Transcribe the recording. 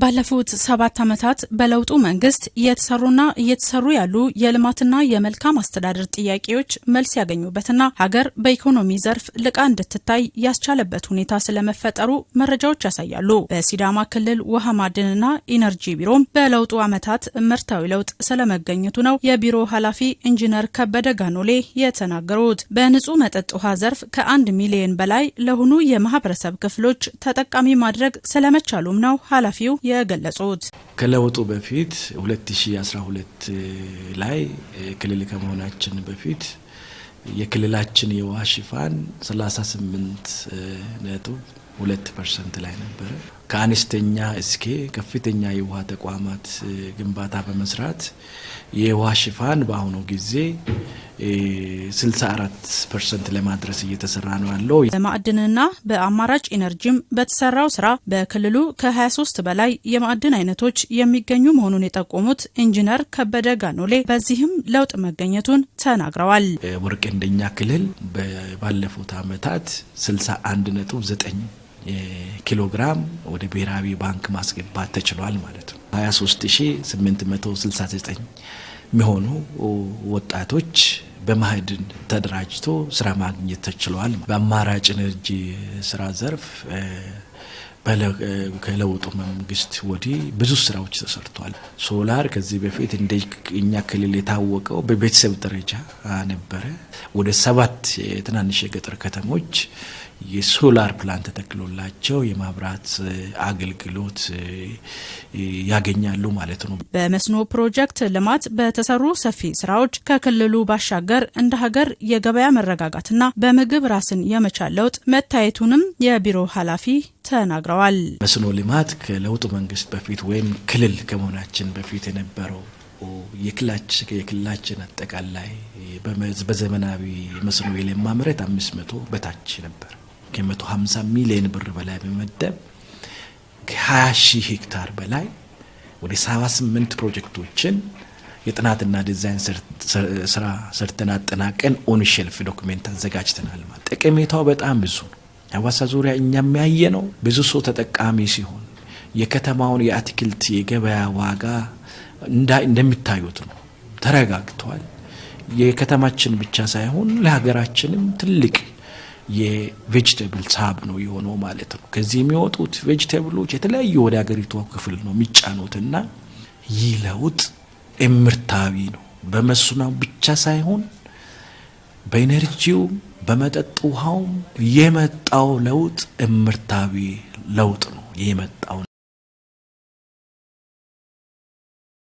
ባለፉት ሰባት ዓመታት በለውጡ መንግስት እየተሰሩና እየተሰሩ ያሉ የልማትና የመልካም አስተዳደር ጥያቄዎች መልስ ያገኙበትና ሀገር በኢኮኖሚ ዘርፍ ልቃ እንድትታይ ያስቻለበት ሁኔታ ስለመፈጠሩ መረጃዎች ያሳያሉ። በሲዳማ ክልል ውሃ ማዕድንና ኢነርጂ ቢሮም በለውጡ ዓመታት ምርታዊ ለውጥ ስለመገኘቱ ነው የቢሮ ኃላፊ ኢንጂነር ከበደ ጋኖሌ የተናገሩት። በንጹህ መጠጥ ውሃ ዘርፍ ከአንድ ሚሊዮን በላይ ለሆኑ የማህበረሰብ ክፍሎች ተጠቃሚ ማድረግ ስለመቻሉም ነው ኃላፊው የገለጹት። ከለውጡ በፊት 2012 ላይ ክልል ከመሆናችን በፊት የክልላችን የውሃ ሽፋን 38 ነጥብ ሁለት ፐርሰንት ላይ ነበረ። ከአነስተኛ እስኬ ከፍተኛ የውሃ ተቋማት ግንባታ በመስራት የውሃ ሽፋን በአሁኑ ጊዜ 64 ፐርሰንት ለማድረስ እየተሰራ ነው ያለው። በማዕድንና በአማራጭ ኢነርጂም በተሰራው ስራ በክልሉ ከ23 በላይ የማዕድን አይነቶች የሚገኙ መሆኑን የጠቆሙት ኢንጂነር ከበደ ጋኖሌ በዚህም ለውጥ መገኘቱን ተናግረዋል። ወርቅ እንደኛ ክልል ባለፉት ዓመታት 61.9 ኪሎ ግራም ወደ ብሔራዊ ባንክ ማስገባት ተችሏል ማለት ነው። 23869 የሚሆኑ ወጣቶች በማህድን ተደራጅቶ ስራ ማግኘት ተችለዋል። በአማራጭ ኢነርጂ ስራ ዘርፍ ከለውጡ መንግስት ወዲህ ብዙ ስራዎች ተሰርቷል። ሶላር ከዚህ በፊት እንደ እኛ ክልል የታወቀው በቤተሰብ ደረጃ ነበረ። ወደ ሰባት የትናንሽ የገጠር ከተሞች የሶላር ፕላን ተተክሎላቸው የማብራት አገልግሎት ያገኛሉ ማለት ነው። በመስኖ ፕሮጀክት ልማት በተሰሩ ሰፊ ስራዎች ከክልሉ ባሻገር እንደ ሀገር የገበያ መረጋጋትና በምግብ ራስን የመቻል ለውጥ መታየቱንም የቢሮ ኃላፊ ተናግረዋል። መስኖ ልማት ከለውጡ መንግስት በፊት ወይም ክልል ከመሆናችን በፊት የነበረው የክልላችን አጠቃላይ በዘመናዊ መስኖ የለማ መሬት አምስት መቶ በታች ነበር። ከመቶ ሀምሳ ሚሊዮን ብር በላይ በመደብ ከሀያ ሺህ ሄክታር በላይ ወደ ሰባ ስምንት ፕሮጀክቶችን የጥናትና ዲዛይን ስራ ሰርተን አጠናቀን ኦንሸልፍ ሼልፍ ዶክሜንት አዘጋጅተናል። ማለት ጠቀሜታው በጣም ብዙ ነው። ሐዋሳ ዙሪያ እኛ የሚያየ ነው ብዙ ሰው ተጠቃሚ ሲሆን የከተማውን የአትክልት የገበያ ዋጋ እንደሚታዩት ነው ተረጋግተዋል። የከተማችን ብቻ ሳይሆን ለሀገራችንም ትልቅ የቬጅቴብል ሳብ ነው የሆነው ማለት ነው። ከዚህ የሚወጡት ቬጅቴብሎች የተለያዩ ወደ ሀገሪቱ ክፍል ነው የሚጫኑትና ይህ ለውጥ እምርታዊ ነው በመስኖ ብቻ ሳይሆን በኢነርጂው በመጠጥ ውሃውም የመጣው ለውጥ እምርታዊ ለውጥ ነው የመጣው።